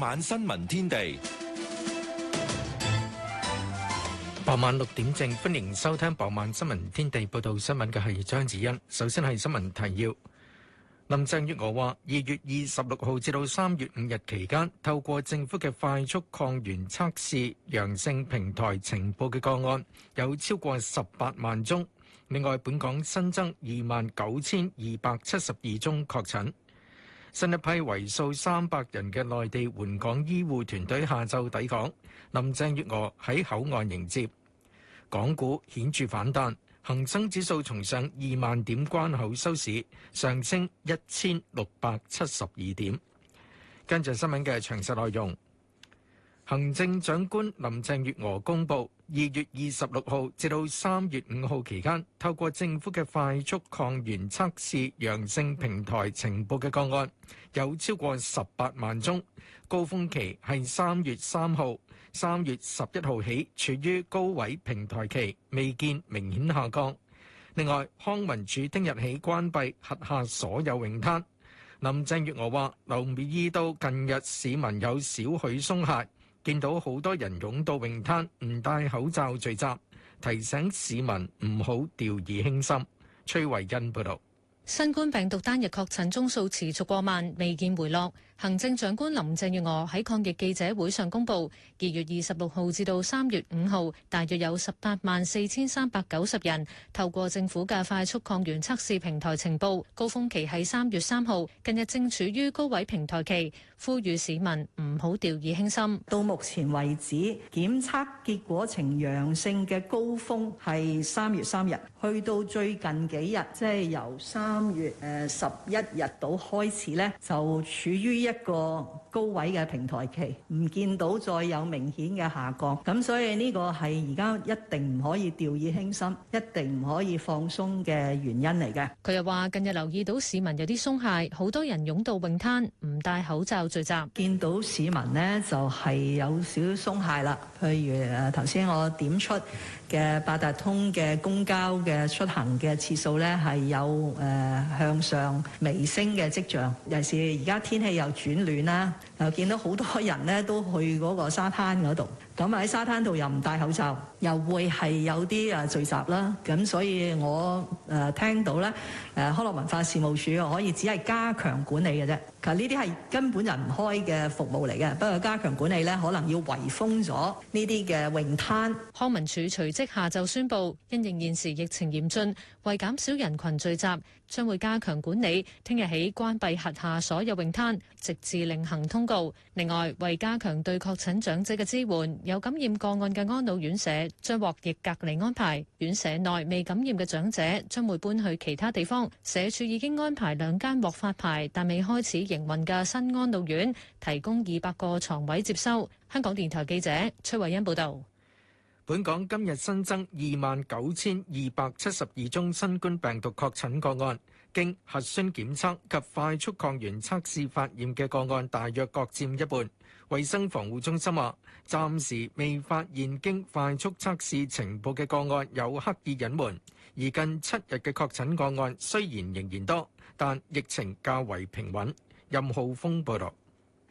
晚新聞天地，傍晚六點正，歡迎收聽傍晚新聞天地。報道新聞嘅係張子欣。首先係新聞提要。林鄭月娥話：二月二十六號至到三月五日期間，透過政府嘅快速抗原測試陽性平台情報嘅個案有超過十八萬宗。另外，本港新增二萬九千二百七十二宗確診。新一批為數三百人嘅內地援港醫護團隊下晝抵港，林鄭月娥喺口岸迎接。港股顯著反彈，恒生指數重上二萬點關口收市，上升一千六百七十二點。跟住新聞嘅詳細內容，行政長官林鄭月娥公布。二月二十六號至到三月五號期間，透過政府嘅快速抗原測試陽性平台情報嘅個案，有超過十八萬宗。高峰期係三月三號，三月十一號起處於高位平台期，未見明顯下降。另外，康文署聽日起關閉轄下所有泳灘。林鄭月娥話：留意到近日市民有少許鬆懈。見到好多人湧到泳灘，唔戴口罩聚集，提醒市民唔好掉以輕心。崔惠恩報道，新冠病毒單日確診宗數持續過萬，未見回落。行政長官林鄭月娥喺抗疫記者會上公布，二月二十六號至到三月五號，大約有十八萬四千三百九十人透過政府嘅快速抗原測試平台呈報，高峰期喺三月三號，近日正處於高位平台期，呼籲市民唔好掉以輕心。到目前為止，檢測結果呈陽性嘅高峰係三月三日，去到最近幾日，即係由三月誒十一日到開始呢就處於一個高位嘅平台期，唔見到再有明顯嘅下降，咁所以呢個係而家一定唔可以掉以輕心，一定唔可以放鬆嘅原因嚟嘅。佢又話近日留意到市民有啲鬆懈，好多人擁到泳灘，唔戴口罩聚集，見到市民咧就係有少少鬆懈啦。譬如誒頭先我點出嘅八達通嘅公交嘅出行嘅次數咧係有誒向上微升嘅跡象，尤其是而家天氣又轉暖啦～又見到好多人咧，都去嗰個沙灘嗰度，咁啊喺沙灘度又唔戴口罩，又會係有啲誒聚集啦。咁所以我誒、呃、聽到咧，誒康樂文化事務署可以只係加強管理嘅啫。其實呢啲係根本就唔開嘅服務嚟嘅，不過加強管理咧，可能要圍封咗呢啲嘅泳灘。康文署隨即下晝宣佈，因應現時疫情嚴峻，為減少人群聚集，將會加強管理，聽日起關閉轄下所有泳灘，直至另行通知。告另外，為加強對確診長者嘅支援，有感染個案嘅安老院舍將獲疫隔離安排，院舍內未感染嘅長者將會搬去其他地方。社署已經安排兩間獲發牌但未開始營運嘅新安老院，提供二百個床位接收。香港電台記者崔慧恩報道。本港今日新增二萬九千二百七十二宗新冠病毒確診個案。經核酸檢測及快速抗原測試發現嘅個案大約各占一半。衛生防護中心話、啊，暫時未發現經快速測試呈報嘅個案有刻意隱瞞。而近七日嘅確診個案雖然仍然多，但疫情較為平穩。任浩峰報道。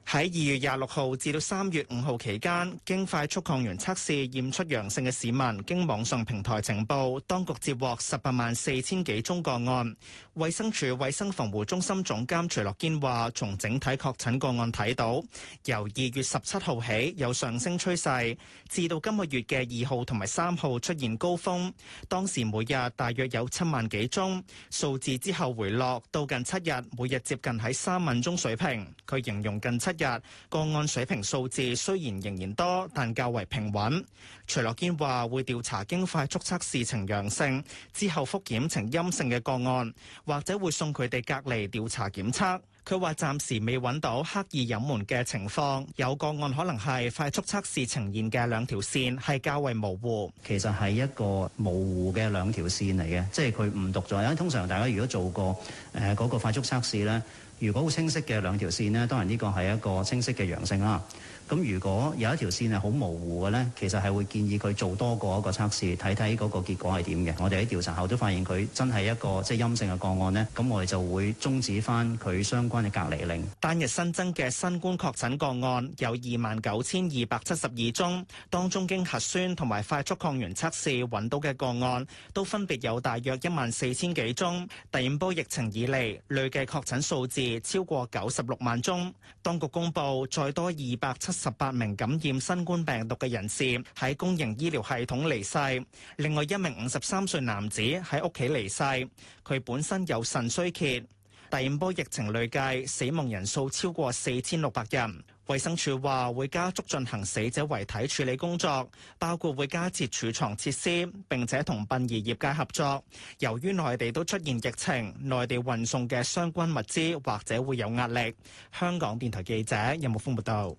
喺二月廿六號至到三月五號期間，經快速抗原測試驗出陽性嘅市民，經網上平台呈報，當局接獲十八萬四千幾宗個案。衛生署衞生防護中心總監徐樂堅話，從整體確診個案睇到，由二月十七號起有上升趨勢，至到今個月嘅二號同埋三號出現高峰，當時每日大約有七萬幾宗，數字之後回落，到近七日每日接近喺三萬宗水平。佢形容近七日個案水平數字雖然仍然多，但較為平穩。徐樂堅話會調查經快速測試呈陽性之後複檢呈陰性嘅個案，或者會送佢哋隔離調查檢測。佢話暫時未揾到刻意隱瞞嘅情況，有個案可能係快速測試呈現嘅兩條線係較為模糊。其實係一個模糊嘅兩條線嚟嘅，即係佢唔獨在。因為通常大家如果做過嗰、呃嗰個快速測試咧。如果好清晰嘅兩條線呢，當然呢個係一個清晰嘅陽性啦。咁如果有一條線係好模糊嘅咧，其實係會建議佢做多過一個測試，睇睇嗰個結果係點嘅。我哋喺調查後都發現佢真係一個即係陰性嘅個案咧，咁我哋就會終止翻佢相關嘅隔離令。單日新增嘅新冠確診個案有二萬九千二百七十二宗，當中經核酸同埋快速抗原測試揾到嘅個案都分別有大約一萬四千幾宗。第五波疫情以嚟累計確診數字超過九十六萬宗。當局公布再多二百七。十八名感染新冠病毒嘅人士喺公營醫療系統離世，另外一名五十三歲男子喺屋企離世。佢本身有腎衰竭。第五波疫情累計死亡人數超過四千六百人。衛生署話會加速進行死者遺體處理工作，包括會加設儲藏設施，並且同殯儀業界合作。由於內地都出現疫情，內地運送嘅相關物資或者會有壓力。香港電台記者任木峰報道。有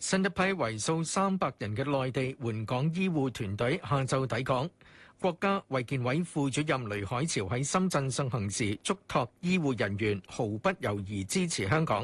新一批為數三百人嘅內地援港醫護團隊下晝抵港。國家衛健委副主任雷海潮喺深圳送行時，囑託醫護人員毫不猶豫支持香港。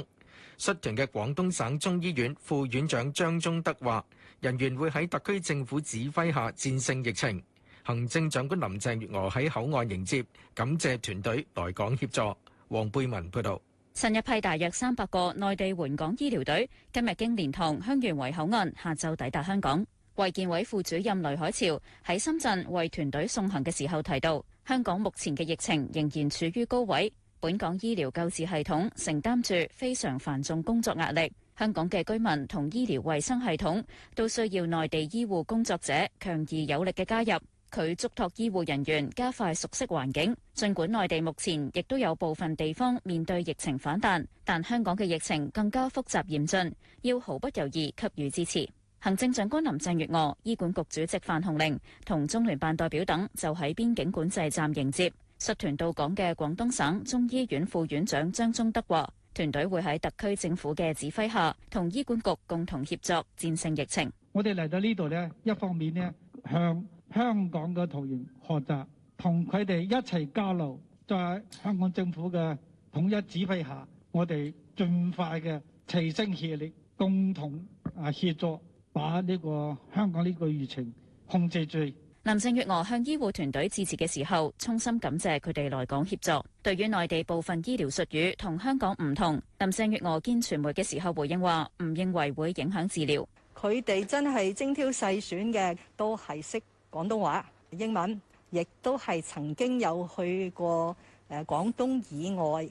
率團嘅廣東省中醫院副院長張忠德話：人員會喺特區政府指揮下戰勝疫情。行政長官林鄭月娥喺口岸迎接，感謝團隊來港協助。黃貝文報導。新一批大約三百個內地援港醫療隊今日經蓮塘、香園圍口岸，下晝抵達香港。衞健委副主任雷海潮喺深圳為團隊送行嘅時候提到，香港目前嘅疫情仍然處於高位，本港醫療救治系統承擔住非常繁重工作壓力，香港嘅居民同醫療衞生系統都需要內地醫護工作者強而有力嘅加入。佢囑託醫護人員加快熟悉環境。儘管內地目前亦都有部分地方面對疫情反彈，但香港嘅疫情更加複雜嚴峻，要毫不猶豫給予支持。行政長官林鄭月娥、醫管局主席范鴻齡同中聯辦代表等就喺邊境管制站迎接率團到港嘅廣東省中醫院副院長張忠德話，團隊會喺特區政府嘅指揮下，同醫管局共同協作，戰勝疫情。我哋嚟到呢度咧，一方面咧向香港嘅同仁學習，同佢哋一齊交流，在香港政府嘅統一指揮下，我哋盡快嘅齊聲協力，共同啊協助把呢、這個香港呢個疫情控制住。林鄭月娥向醫護團隊致辭嘅時候，衷心感謝佢哋來港協助。對於內地部分醫療術語同香港唔同，林鄭月娥見傳媒嘅時候回應話唔認為會影響治療，佢哋真係精挑細選嘅，都係識。廣東話英文，亦都係曾經有去過誒廣東以外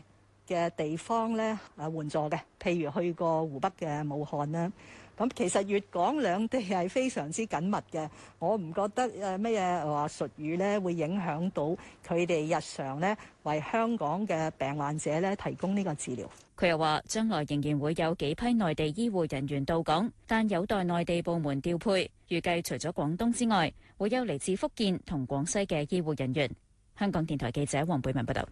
嘅地方咧，誒援助嘅。譬如去過湖北嘅武漢啦。咁其實粵港兩地係非常之緊密嘅。我唔覺得誒咩嘢話術語咧，會影響到佢哋日常咧為香港嘅病患者咧提供呢個治療，佢又話將來仍然會有幾批內地醫護人員到港，但有待內地部門調配。預計除咗廣東之外。會有嚟自福建同廣西嘅醫護人員。香港電台記者黃貝文報道。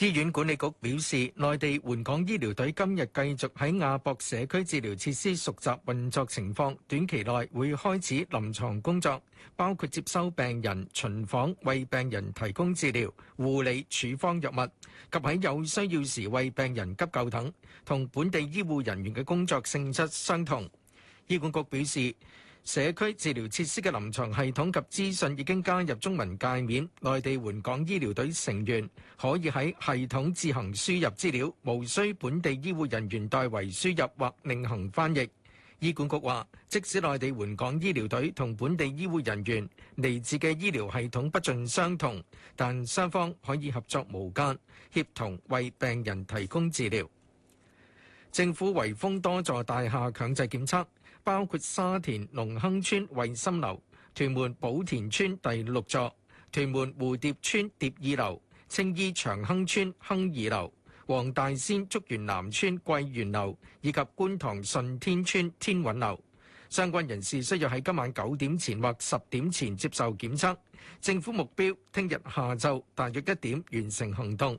醫院管理局表示，內地援港醫療隊今日繼續喺亞博社區治療設施熟習運作情況，短期內會開始臨床工作，包括接收病人、巡房、為病人提供治療、護理、處方藥物及喺有需要時為病人急救等，同本地醫護人員嘅工作性質相同。醫管局表示。社區治療設施嘅臨床系統及資訊已經加入中文介面，內地援港醫療隊成員可以喺系統自行輸入資料，無需本地醫護人員代為輸入或另行翻譯。醫管局話，即使內地援港醫療隊同本地醫護人員嚟自嘅醫療系統不盡相同，但雙方可以合作無間，協同為病人提供治療。政府圍封多座大廈強制檢測。包括沙田隆亨村衛心樓、屯門寶田村第六座、屯門蝴蝶村蝶二樓、青衣長亨村亨二樓、黃大仙竹園南村桂園樓以及觀塘順天村天韻樓，相關人士需要喺今晚九點前或十點前接受檢測。政府目標聽日下晝大約一點完成行動。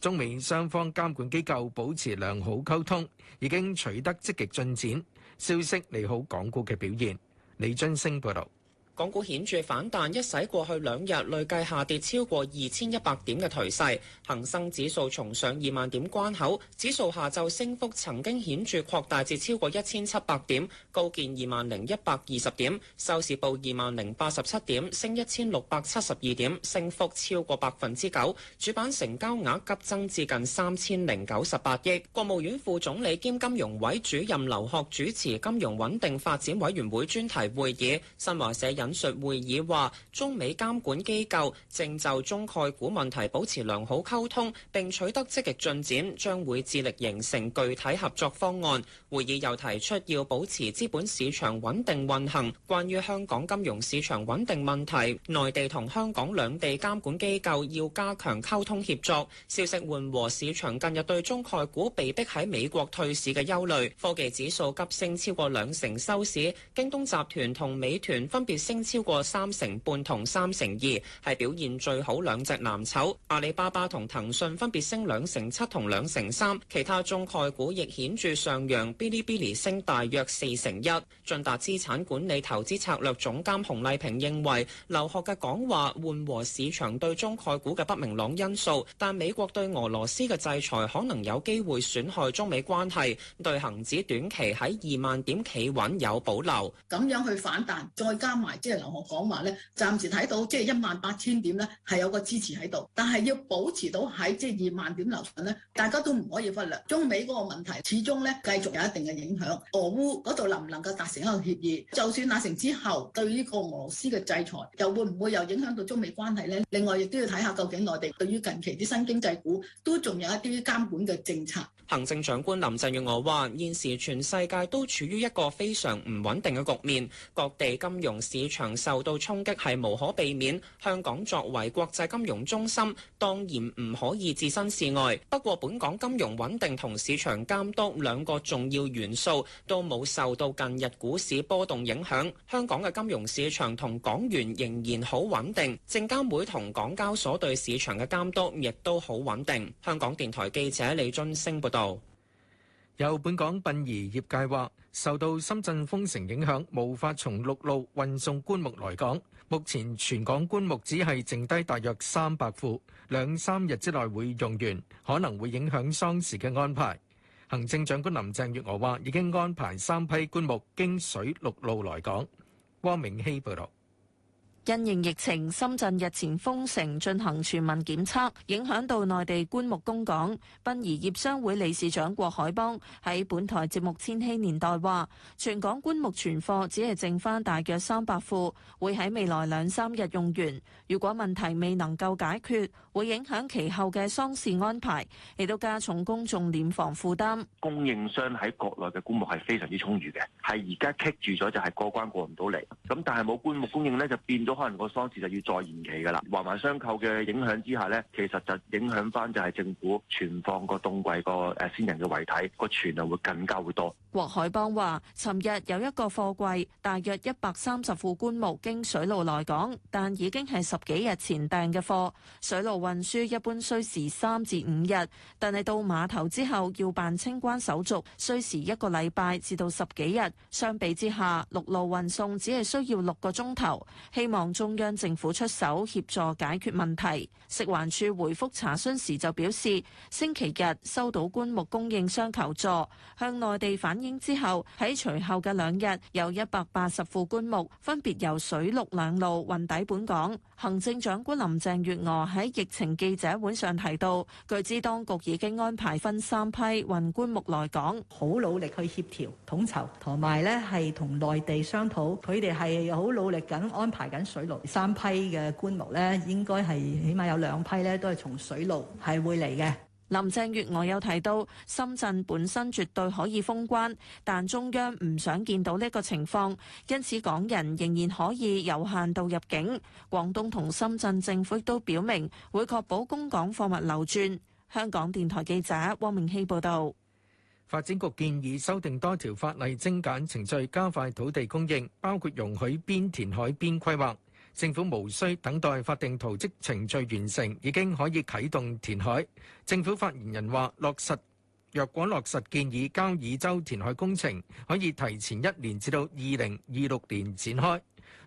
中美雙方監管機構保持良好溝通，已經取得積極進展，消息利好港股嘅表現，李津升報道。港股顯著反彈，一洗過去兩日累計下跌超過二千一百點嘅頹勢，恒生指數重上二萬點關口。指數下晝升幅曾經顯著擴大至超過一千七百點，高見二萬零一百二十點，收市報二萬零八十七點，升一千六百七十二點，升幅超過百分之九。主板成交額急增至近三千零九十八億。國務院副總理兼金融委主任劉鶴主持金融穩定發展委員會專題會議。新華社引講述會議話，中美監管機構正就中概股問題保持良好溝通，並取得積極進展，將會致力形成具體合作方案。會議又提出要保持資本市場穩定運行。關於香港金融市場穩定問題，內地同香港兩地監管機構要加強溝通協作。消息緩和市場近日對中概股被逼喺美國退市嘅憂慮，科技指數急升超過兩成收市，京東集團同美團分別升。超過三成半同三成二係表現最好兩隻藍籌，阿里巴巴同騰訊分別升兩成七同兩成三，其他中概股亦顯著上揚。嗶哩嗶哩升大約四成一。駿達資產管理投資策略總監洪麗平認為，劉鶴嘅講話緩和市場對中概股嘅不明朗因素，但美國對俄羅斯嘅制裁可能有機會損害中美關係，對恒指短期喺二萬點企穩有保留。咁樣去反彈，再加埋。即係劉學講話咧，暫時睇到即係一萬八千點咧，係有個支持喺度，但係要保持到喺即係二萬點流動咧，大家都唔可以忽略中美嗰個問題始終呢，始終咧繼續有一定嘅影響。俄烏嗰度能唔能夠達成一個協議？就算達成之後，對呢個俄羅斯嘅制裁又會唔會又影響到中美關係咧？另外亦都要睇下究竟內地對於近期啲新經濟股都仲有一啲啲監管嘅政策。行政長官林鄭月娥話：現時全世界都處於一個非常唔穩定嘅局面，各地金融市場受到衝擊係無可避免。香港作為國際金融中心，當然唔可以置身事外。不過，本港金融穩定同市場監督兩個重要元素都冇受到近日股市波動影響。香港嘅金融市場同港元仍然好穩定，證監會同港交所對市場嘅監督亦都好穩定。香港電台記者李俊升報道。有本港殯儀業界話，受到深圳封城影響，無法從陸路運送棺木來港。目前全港棺木只係剩低大約三百副，兩三日之內會用完，可能會影響喪事嘅安排。行政長官林鄭月娥話，已經安排三批棺木經水陸路來港。汪明熙報道。因應疫情，深圳日前封城進行全民檢測，影響到內地棺木供港。殯儀業商會理事長郭海邦喺本台節目《千禧年代》話：全港棺木存貨只係剩返大約三百副，會喺未來兩三日用完。如果問題未能夠解決，會影響其後嘅喪事安排，亦都加重公眾殮房負擔。供應商喺國內嘅棺木係非常之充裕嘅，係而家棘住咗就係過關過唔到嚟。咁但係冇棺木供應呢，就變咗。可能個喪事就要再延期噶啦，環環相扣嘅影響之下呢，其實就影響翻就係政府存放個冬季個誒先人嘅遺體個存量會更加會多。郭海邦話，尋日有一個貨櫃，大約一百三十副棺木經水路來港，但已經係十幾日前訂嘅貨。水路運輸一般需時三至五日，但係到碼頭之後要辦清關手續，需時一個禮拜至到十幾日。相比之下，陸路運送只係需要六個鐘頭。希望，中央政府出手協助解決問題。食環署回覆查詢時就表示，星期日收到棺木供應商求助，向內地反映之後，喺隨後嘅兩日有一百八十副棺木，分別由水陸兩路運抵本港。行政長官林鄭月娥喺疫情記者會上提到，據知當局已經安排分三批運棺木來港，好努力去協調統籌，同埋呢係同內地商討，佢哋係好努力緊安排緊。水路三批嘅官奴呢，應該係起碼有兩批呢，都係從水路係會嚟嘅。林鄭月娥有提到，深圳本身絕對可以封關，但中央唔想見到呢個情況，因此港人仍然可以有限度入境。廣東同深圳政府亦都表明會確保供港貨物流轉。香港電台記者汪明熙報道。發展局建議修訂多條法例精簡程序，加快土地供應，包括容許邊填海邊規劃。政府無需等待法定圖則程序完成，已經可以啟動填海。政府發言人話，落實，若果落實建議交椅洲填海工程，可以提前一年至到2026年展開。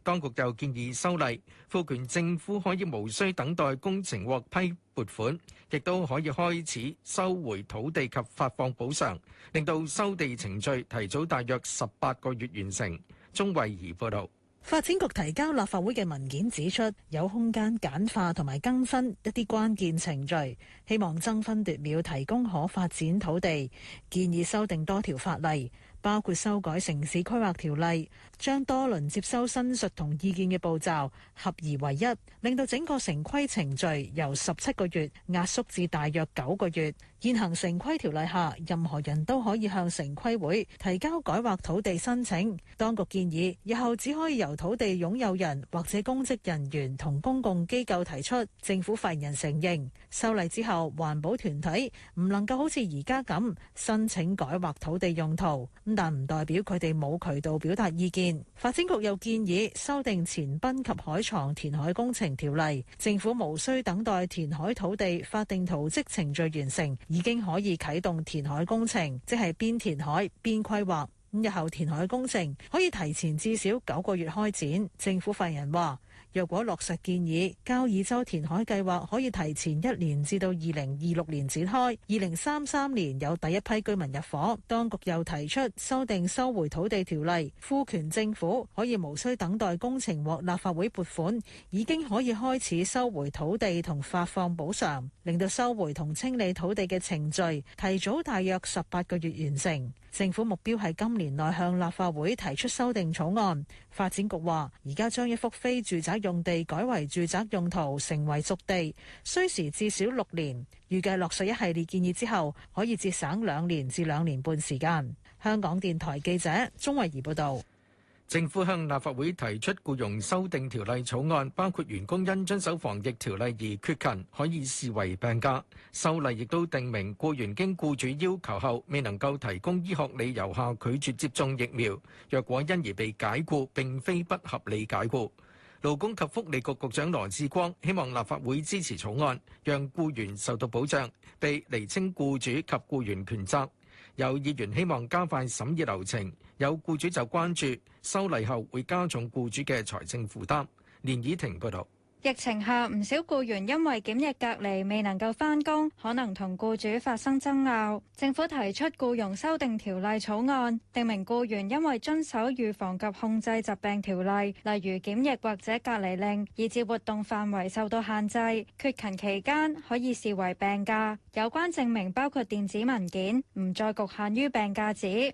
當局又建議修例，賦權政府可以無需等待工程獲批撥款，亦都可以開始收回土地及發放補償，令到收地程序提早大約十八個月完成。鍾慧怡報道，發展局提交立法會嘅文件指出，有空間簡化同埋更新一啲關鍵程序，希望爭分奪秒提供可發展土地，建議修訂多條法例。包括修改城市規劃條例，將多輪接收申述同意見嘅步驟合而為一，令到整個城規程序由十七個月壓縮至大約九個月。現行城規條例下，任何人都可以向城規會提交改劃土地申請。當局建議，以後只可以由土地擁有人或者公職人員同公共機構提出。政府發言人承認修例之後，環保團體唔能夠好似而家咁申請改劃土地用途，咁但唔代表佢哋冇渠道表達意見。發展局又建議修訂前濱及海床填海工程條例，政府無需等待填海土地法定圖則程序完成。已經可以啟動填海工程，即係邊填海邊規劃。咁，日後填海工程可以提前至少九個月開展。政府發言人話。若果落實建議，交椅洲填海計劃可以提前一年至到二零二六年展開，二零三三年有第一批居民入伙。當局又提出修訂收回土地條例，賦權政府可以無需等待工程或立法會撥款，已經可以開始收回土地同發放補償，令到收回同清理土地嘅程序提早大約十八個月完成。政府目標係今年內向立法會提出修訂草案。發展局話，而家將一幅非住宅用地改為住宅用途，成為熟地，需時至少六年。預計落實一系列建議之後，可以節省兩年至兩年半時間。香港電台記者鍾慧儀報道。政府向立法會提出僱傭修訂條例草案，包括員工因遵守防疫條例而缺勤可以視為病假。修例亦都定明，僱員經僱主要求後未能夠提供醫學理由下拒絕接種疫苗，若果因而被解僱並非不合理解僱。勞工及福利局局長羅致光希望立法會支持草案，讓僱員受到保障，被釐清僱主及僱員權責。有議員希望加快審議流程，有僱主就關注。修例後會加重僱主嘅財政負擔。連倚婷報導。疫情下唔少僱員因為檢疫隔離未能夠返工，可能同僱主發生爭拗。政府提出僱傭修訂條例草案，定明僱員因為遵守預防及控制疾病條例，例如檢疫或者隔離令，以致活動範圍受到限制，缺勤期間可以視為病假。有關證明包括電子文件，唔再局限於病假紙。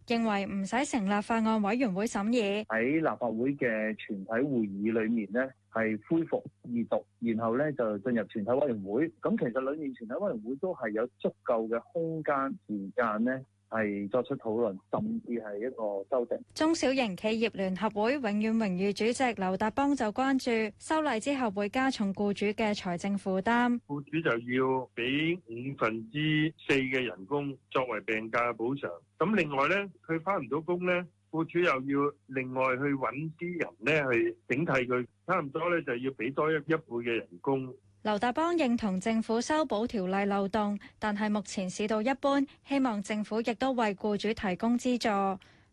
認為唔使成立法案委員會審議，喺立法會嘅全體會議裏面咧，係恢復二讀，然後咧就進入全體委員會。咁其實裏面全體委員會都係有足夠嘅空間時間咧。係作出討論，甚至係一個修訂。中小型企業聯合會永遠榮譽主席劉達邦就關注，修例之後會加重僱主嘅財政負擔。僱主就要俾五分之四嘅人工作為病假嘅補償。咁另外咧，佢返唔到工咧，僱主又要另外去揾啲人咧去頂替佢，差唔多咧就要俾多一倍嘅人工。劉達邦認同政府修補條例漏洞，但係目前市道一般，希望政府亦都為雇主提供資助。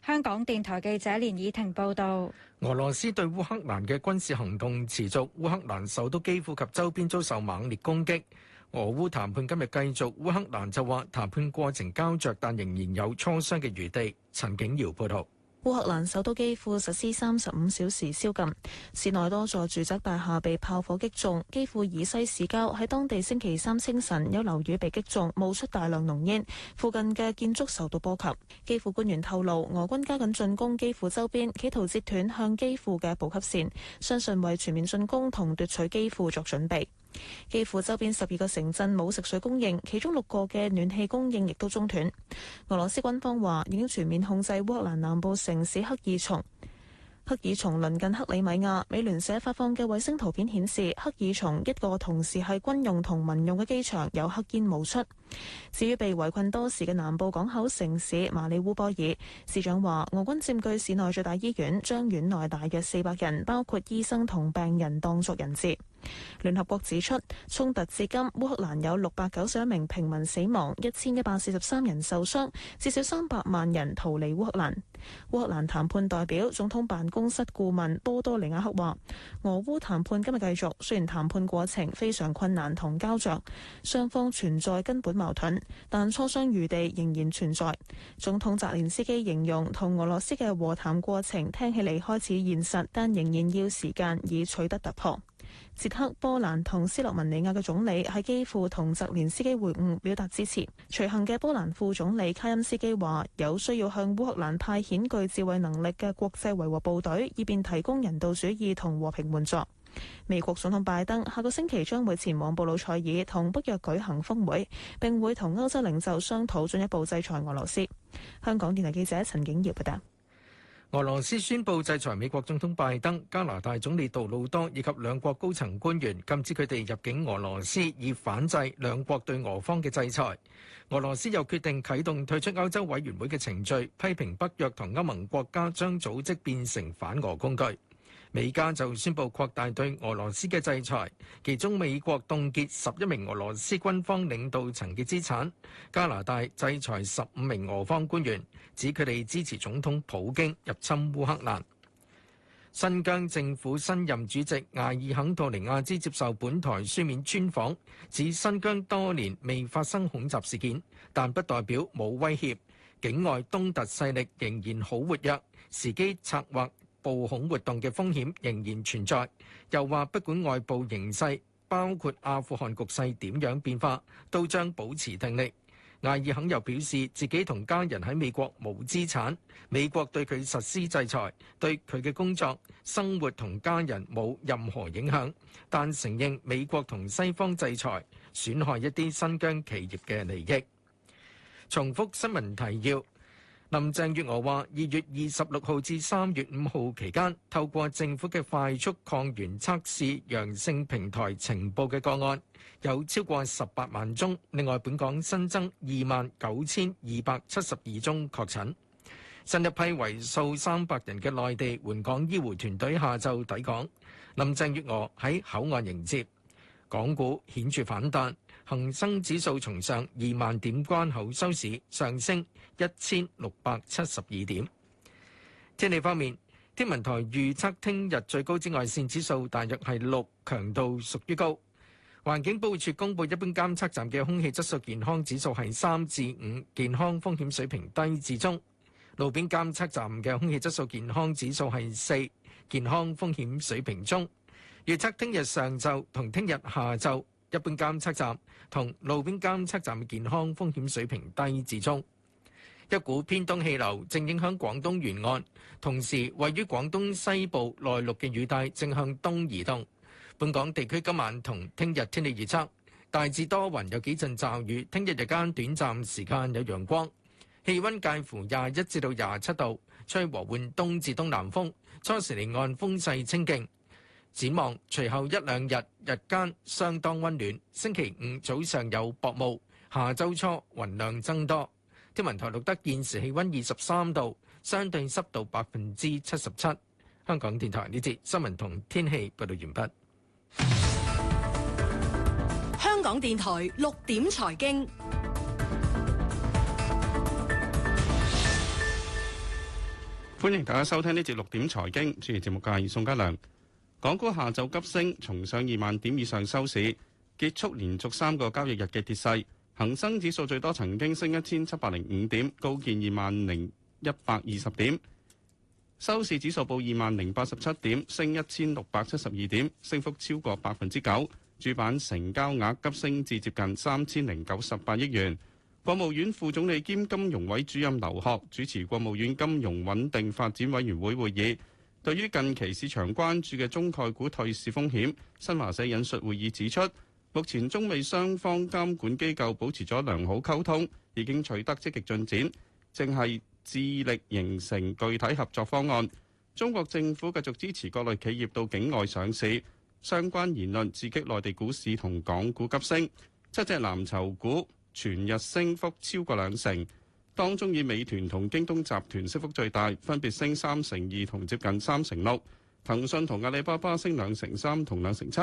香港電台記者連以婷報道。俄羅斯對烏克蘭嘅軍事行動持續，烏克蘭首都基輔及周邊遭受猛烈攻擊。俄烏談判今日繼續，烏克蘭就話談判過程膠着，但仍然有磋商嘅餘地。陳景堯報道。烏克蘭首都基輔實施三十五小時宵禁，市內多座住宅大廈被炮火擊中。基輔以西市郊喺當地星期三清晨有樓宇被擊中，冒出大量濃煙，附近嘅建築受到波及。基輔官員透露，俄軍加緊進攻基輔周邊，企圖截斷向基輔嘅補給線，相信為全面進攻同奪取基輔作準備。幾乎周邊十二個城鎮冇食水供應，其中六個嘅暖氣供應亦都中斷。俄羅斯軍方話已經全面控制烏克蘭南部城市克爾松。克爾松鄰近克里米亞。美聯社發放嘅衛星圖片顯示，克爾松一個同時係軍用同民用嘅機場有黑煙冒出。至於被圍困多時嘅南部港口城市馬里烏波爾，市長話俄軍佔據市內最大醫院，將院內大約四百人，包括醫生同病人，當作人質。聯合國指出，衝突至今烏克蘭有六百九十一名平民死亡，一千一百四十三人受傷，至少三百萬人逃離烏克蘭。烏克蘭談判代表、總統辦公室顧問波多利亞克話：俄烏談判今日繼續，雖然談判過程非常困難同膠着，雙方存在根本矛盾，但磋商餘地仍然存在。總統澤連斯基形容同俄羅斯嘅和談過程聽起嚟開始現實，但仍然要時間以取得突破。捷克、波蘭同斯洛文尼亞嘅總理喺基輔同澤連斯基會晤，表達支持。隨行嘅波蘭副總理卡恩斯基話：有需要向烏克蘭派遣具智慧能力嘅國際維和部隊，以便提供人道主義同和，和平援助。美國總統拜登下個星期將會前往布魯塞爾同北約舉行峰會，並會同歐洲領袖商討進一步制裁俄羅斯。香港電台記者陳景耀報道。俄羅斯宣布制裁美國總統拜登、加拿大總理杜魯多以及兩國高層官員，禁止佢哋入境俄羅斯，以反制兩國對俄方嘅制裁。俄羅斯又決定啟動退出歐洲委員會嘅程序，批評北約同歐盟國家將組織變成反俄工具。美加就宣布擴大對俄羅斯嘅制裁，其中美國凍結十一名俄羅斯軍方領導層嘅資產，加拿大制裁十五名俄方官員，指佢哋支持總統普京入侵烏克蘭。新疆政府新任主席艾爾肯·吐尼亞孜接受本台書面專訪，指新疆多年未發生恐襲事件，但不代表冇威脅，境外東突勢力仍然好活躍，時機策劃。暴恐活動嘅風險仍然存在，又話不管外部形勢，包括阿富汗局勢點樣變化，都將保持定力。艾爾肯又表示自己同家人喺美國冇資產，美國對佢實施制裁，對佢嘅工作、生活同家人冇任何影響，但承認美國同西方制裁損害一啲新疆企業嘅利益。重複新聞提要。林鄭月娥話：二月二十六號至三月五號期間，透過政府嘅快速抗原測試陽性平台呈報嘅個案有超過十八萬宗。另外，本港新增二萬九千二百七十二宗確診。新一批為數三百人嘅內地援港醫護團隊下晝抵港，林鄭月娥喺口岸迎接。港股顯著反彈，恒生指數重上二萬點關口收市上升一千六百七十二點。天氣方面，天文台預測聽日最高紫外線指數大約係六，強度屬於高。環境保護署公佈一般監測站嘅空氣質素健康指數係三至五，健康風險水平低至中；路邊監測站嘅空氣質素健康指數係四，健康風險水平中。預測聽日上晝同聽日下晝，一般監測站同路邊監測站嘅健康風險水平低至中。一股偏東氣流正影響廣東沿岸，同時位於廣東西部內陸嘅雨帶正向東移動。本港地區今晚同聽日天氣預測大致多雲，有幾陣驟雨。聽日日間短暫時間有陽光，氣温介乎廿一至到廿七度，吹和緩東至東南風，初時離岸風勢清勁。展望隨後一兩日日間相當温暖，星期五早上有薄霧，下周初雲量增多。天文台錄得現時氣溫二十三度，相對濕度百分之七十七。香港電台呢節新聞同天氣報道完畢。香港電台六點財經，歡迎大家收聽呢節六點財經。主持節目嘅係宋家良。港股下晝急升，重上二萬點以上收市，結束連續三個交易日嘅跌勢。恒生指數最多曾經升一千七百零五點，高見二萬零一百二十點，收市指數報二萬零八十七點，升一千六百七十二點，升幅超過百分之九。主板成交額急升至接近三千零九十八億元。國務院副總理兼金融委主任劉鶴主持國務院金融穩定發展委員會會議，對於近期市場關注嘅中概股退市風險，新華社引述會議指出。目前中美雙方監管機構保持咗良好溝通，已經取得積極進展，正係致力形成具體合作方案。中國政府繼續支持各類企業到境外上市，相關言論刺激內地股市同港股急升。七隻藍籌股全日升幅超過兩成，當中以美團同京東集團升幅最大，分別升三成二同接近三成六。騰訊同阿里巴巴升兩成三同兩成七。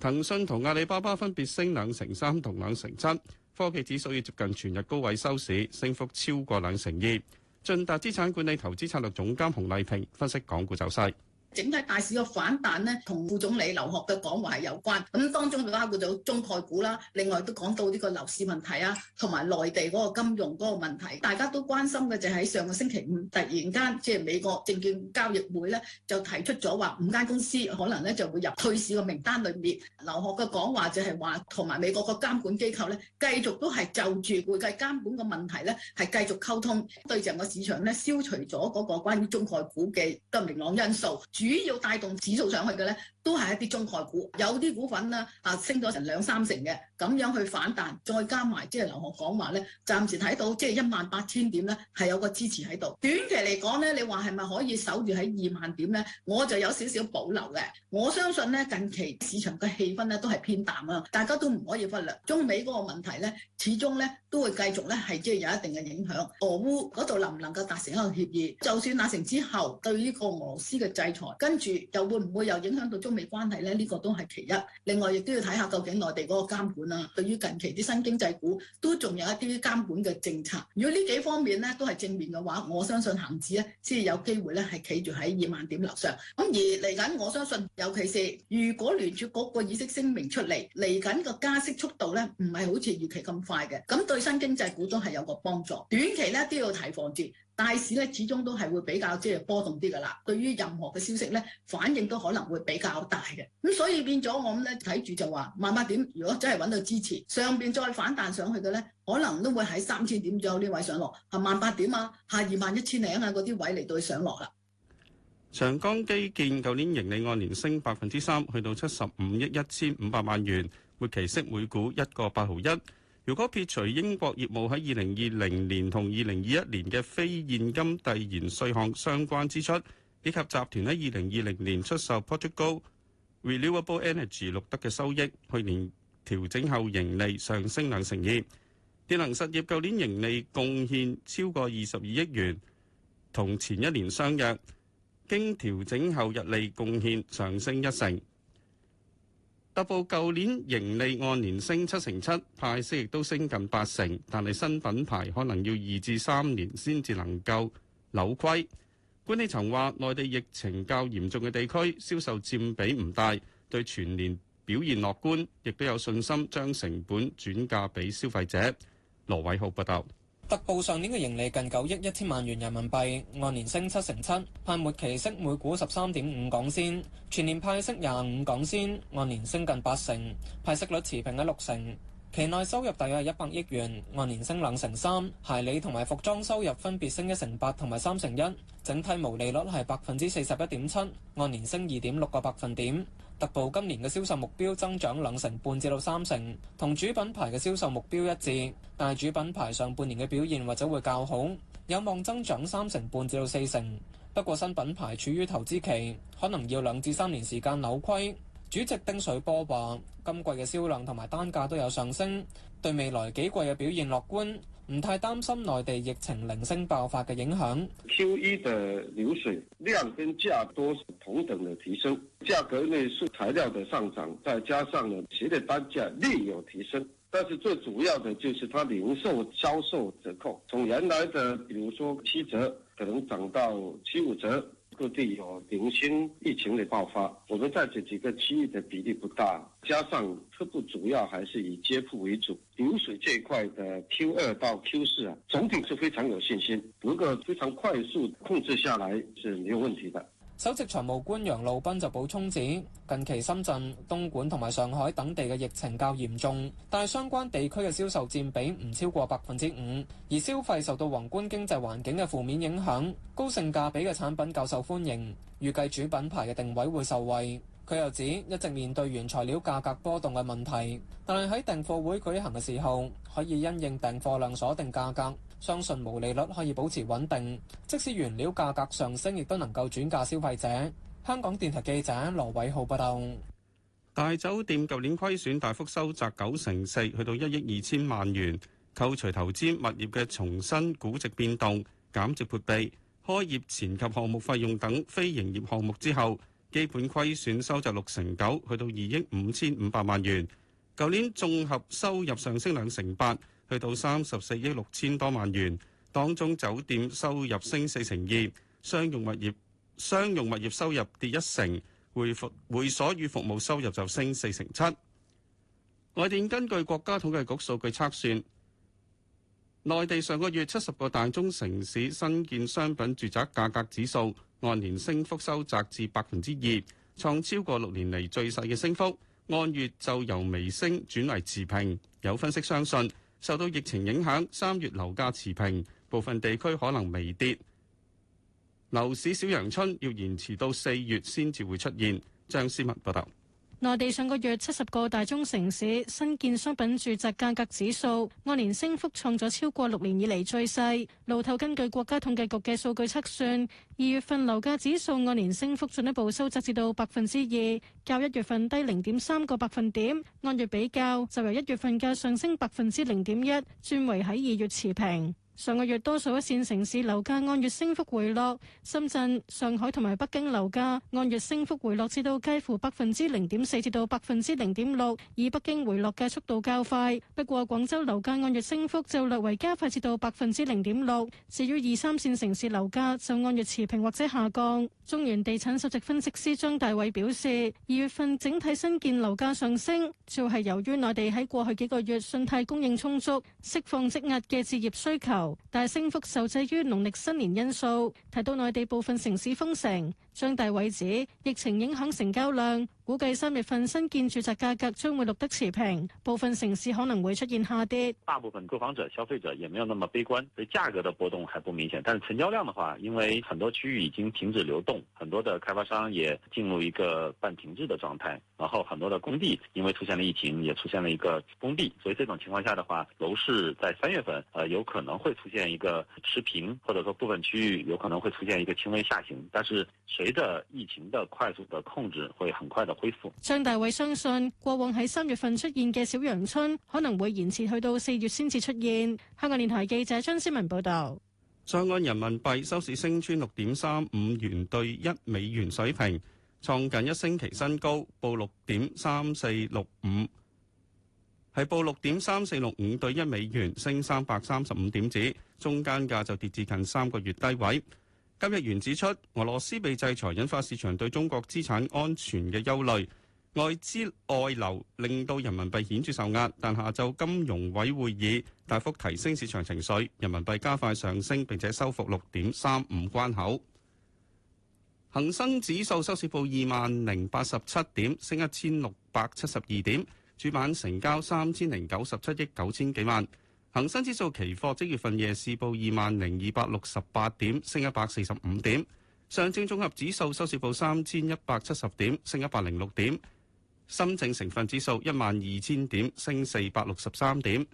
騰訊同阿里巴巴分別升兩成三同兩成七，科技指數已接近全日高位收市，升幅超過兩成二。進達資產管理投資策略總監洪麗萍分析港股走勢。整體大市嘅反彈咧，同副總理劉鶴嘅講話係有關。咁當中包括咗中概股啦，另外都講到呢個樓市問題啊，同埋內地嗰個金融嗰個問題。大家都關心嘅就喺上個星期五突然間，即係美國證券交易會咧就提出咗話五間公司可能咧就會入退市個名單裏面。劉鶴嘅講話就係話，同埋美國個監管機構咧繼續都係就住會計監管個問題咧係繼續溝通，對整個市場咧消除咗嗰個關於中概股嘅不明朗因素。主要帶動指數上去嘅咧。都係一啲中概股，有啲股份咧啊升咗成兩三成嘅，咁樣去反彈，再加埋即係劉鶴講話咧，暫時睇到即係一萬八千點咧係有個支持喺度。短期嚟講咧，你話係咪可以守住喺二萬點咧？我就有少少保留嘅。我相信咧近期市場嘅氣氛咧都係偏淡啊，大家都唔可以忽略中美嗰個問題咧，始終咧都會繼續咧係即係有一定嘅影響。俄烏嗰度能唔能夠達成一個協議？就算達成之後，對呢個俄羅斯嘅制裁，跟住又會唔會又影響到中？中美關係咧，呢、這個都係其一。另外亦都要睇下究竟內地嗰個監管啦、啊。對於近期啲新經濟股，都仲有一啲監管嘅政策。如果呢幾方面咧都係正面嘅話，我相信恒指咧先至有機會咧係企住喺二萬點樓上。咁而嚟緊，我相信尤其是如果聯儲局嗰個議息聲明出嚟，嚟緊個加息速度咧唔係好似預期咁快嘅，咁對新經濟股都係有個幫助。短期咧都要提防住。大市咧始終都係會比較即係、就是、波動啲㗎喇，對於任何嘅消息咧，反應都可能會比較大嘅，咁所以變咗我咧睇住就話萬八點，如果真係揾到支持，上邊再反彈上去嘅咧，可能都會喺三千點左右呢位上落，係萬八點啊，下二萬一千零啊嗰啲位嚟到上落啦。長江基建舊年盈利按年升百分之三，去到七十五億一千五百萬元，活期息每股一個八毫一。如果撇除英國業務喺2020年同2021年嘅非現金遞延稅項相關支出，以及集團喺2020年出售 Portugal Renewable Energy 錄得嘅收益，去年調整後盈利上升兩成二。電能實業舊年盈利貢獻超過二十二億元，同前一年相若，經調整後溢利貢獻上升一成。發布舊年盈利按年升七成七，派息亦都升近八成，但係新品牌可能要二至三年先至能夠扭虧。管理層話，內地疫情較嚴重嘅地區銷售佔比唔大，對全年表現樂觀，亦都有信心將成本轉嫁俾消費者。羅偉浩報道。特報上年嘅盈利近九億一千萬元人民幣，按年升七成七。派末期息每股十三點五港仙，全年派息廿五港仙，按年升近八成，派息率持平喺六成。期內收入大約係一百億元，按年升兩成三。鞋履同埋服裝收入分別升一成八同埋三成一，整體毛利率係百分之四十一點七，按年升二點六個百分點。特步今年嘅銷售目標增長兩成半至到三成，同主品牌嘅銷售目標一致。但係主品牌上半年嘅表現或者會較好，有望增長三成半至到四成。不過新品牌處於投資期，可能要兩至三年時間扭虧。主席丁水波話：今季嘅銷量同埋單價都有上升，對未來幾季嘅表現樂觀。唔太擔心內地疫情零星爆發嘅影響。Q1 嘅、e、流水量跟價多是同等嘅提升，價格加上材料的上漲，再加上呢系列單價略有提升，但是最主要嘅就是它零售銷售折扣，從原來的，比如說七折，可能漲到七五折。各地有零星疫情的爆發，我們在這幾個區域的比例不大，加上客戶主要還是以接鋪為主，流水這一塊的 Q 二到 Q 四啊，總體是非常有信心，如果非常快速控制下來是沒有問題的。首席財務官楊路斌就補充指，近期深圳、東莞同埋上海等地嘅疫情較嚴重，但係相關地區嘅銷售佔比唔超過百分之五，而消費受到宏觀經濟環境嘅負面影響，高性價比嘅產品較受歡迎。預計主品牌嘅定位會受惠。佢又指一直面對原材料價格波動嘅問題，但係喺訂貨會舉行嘅時候，可以因應訂貨量鎖定價格。相信毛利率可以保持穩定，即使原料價格上升，亦都能夠轉嫁消費者。香港電台記者羅偉浩報道。大酒店舊年虧損大幅收窄九成四，去到一億二千萬元。扣除投資物業嘅重新估值變動、減值撥備、開業前及項目費用等非營業項目之後，基本虧損收窄六成九，去到二億五千五百萬元。舊年綜合收入上升兩成八。去到三十四億六千多萬元，當中酒店收入升四成二，商用物業商用物業收入跌一成，會服會所與服務收入就升四成七。外電根據國家統計局數據測算，內地上個月七十個大中城市新建商品住宅價格指數按年升幅收窄至百分之二，創超過六年嚟最細嘅升幅。按月就由微升轉為持平。有分析相信。受到疫情影響，三月樓價持平，部分地區可能微跌。樓市小陽春要延遲到四月先至會出現，張思文報道。內地上個月七十個大中城市新建商品住宅價格指數按年升幅創咗超過六年以嚟最細。路透根據國家統計局嘅數據測算，二月份樓價指數按年升幅進一步收窄至到百分之二，較一月份低零點三個百分點。按月比較就由一月份嘅上升百分之零點一轉為喺二月持平。上個月多數一線城市樓價按月升幅回落，深圳、上海同埋北京樓價按月升幅回落至，至到介乎百分之零點四至到百分之零點六。以北京回落嘅速度較快，不過廣州樓價按月升幅就略為加快至，至到百分之零點六。至於二三線城市樓價就按月持平或者下降。中原地產首席分析師張大偉表示，二月份整體新建樓價上升，就係、是、由於內地喺過去幾個月信貸供應充足，釋放積壓嘅置業需求。大升幅受制於農曆新年因素，提到內地部分城市封城。張大偉指疫情影響成交量，估計三月份新建住宅價格將會錄得持平，部分城市可能會出現下跌。大部分購房者、消費者也沒有那麼悲觀，對價格的波動還不明顯。但是成交量的話，因為很多區域已經停止流動，很多的開發商也進入一個半停滯的狀態，然後很多的工地因為出現了疫情，也出現了一個封閉。所以這種情況下的話，樓市在三月份，呃，有可能會出現一個持平，或者說部分區域有可能會出現一個輕微下行。但是隨隨着疫情的快速的控制，會很快的恢復。張大偉相信，過往喺三月份出現嘅小陽春，可能會延遲去到四月先至出現。香港電台記者張思文報道。在岸人民幣收市升穿六點三五元兌一美元水平，創近一星期新高，報六點三四六五，係報六點三四六五兌一美元，升三百三十五點子，中間價就跌至近三個月低位。今日源指出，俄羅斯被制裁引發市場對中國資產安全嘅憂慮，外資外流令到人民幣顯著受壓。但下晝金融委會議大幅提升市場情緒，人民幣加快上升並且收復六點三五關口。恒生指數收市報二萬零八十七點，升一千六百七十二點，主板成交三千零九十七億九千幾萬。恒生指數期貨即月份夜市報二萬零二百六十八點，升一百四十五點。上證綜合指數收市報三千一百七十點，升一百零六點。深證成分指數一萬二千點，升四百六十三點。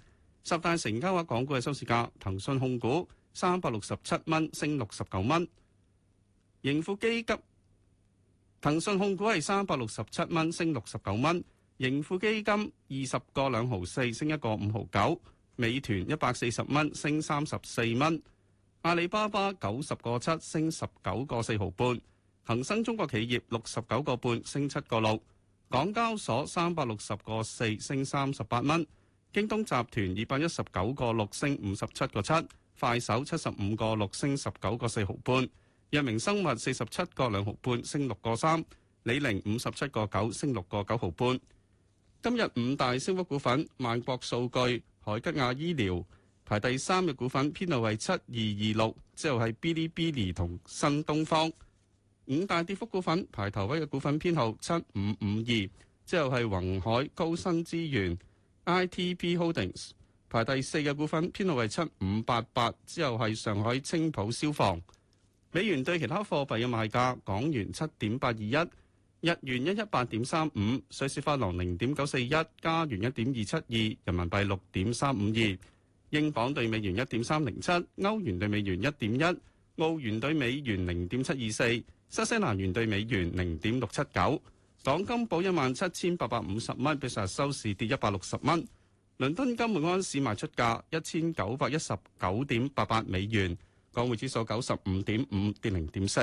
十大成交額港股嘅收市價，騰訊控股三百六十七蚊，升六十九蚊。盈富基金，騰訊控股係三百六十七蚊，升六十九蚊。盈富基金二十個兩毫四，升一個五毫九。美團一百四十蚊，升三十四蚊；阿里巴巴九十個七，升十九個四毫半；恒生中國企業六十九個半，升七個六；港交所三百六十個四，升三十八蚊；京東集團二百一十九個六，升五十七個七；快手七十五個六，升十九個四毫半；藥明生物四十七個兩毫半，升六個三；李寧五十七個九，升六個九毫半。今日五大升幅股份：萬國數據。海吉亞醫療排第三嘅股份編號為七二二六，之後係 Bilibili 同新東方。五大跌幅股份排頭位嘅股份編號七五五二，之後係宏海高新資源 I T P Holdings 排第四嘅股份編號為七五八八，之後係上海青浦消防。美元對其他貨幣嘅賣價，港元七點八二一。日元一一八點三五，瑞士法郎零點九四一，加元一點二七二，人民幣六點三五二，英鎊對美元一點三零七，歐元對美元一點一，澳元對美元零點七二四，新西蘭元對美元零點六七九。港金報一萬七千八百五十蚊，比上日收市跌一百六十蚊。倫敦金每盎司賣出價一千九百一十九點八八美元，港匯指數九十五點五跌零點四。